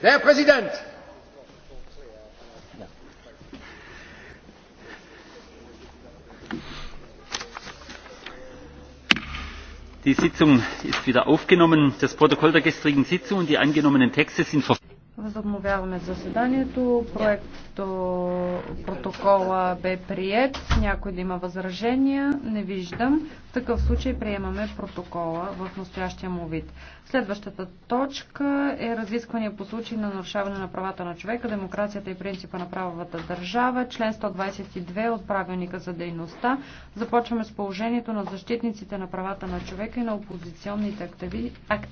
Herr Präsident! Die Sitzung ist wieder aufgenommen. Das Protokoll der gestrigen Sitzung und die angenommenen Texte sind Възобновяваме заседанието. Проектто протокола бе прият. Някой да има възражения? Не виждам. В такъв случай приемаме протокола в настоящия му вид. Следващата точка е разискване по случай на нарушаване на правата на човека, демокрацията и принципа на правовата държава, член 122 от правилника за дейността. Започваме с положението на защитниците на правата на човека и на опозиционните активи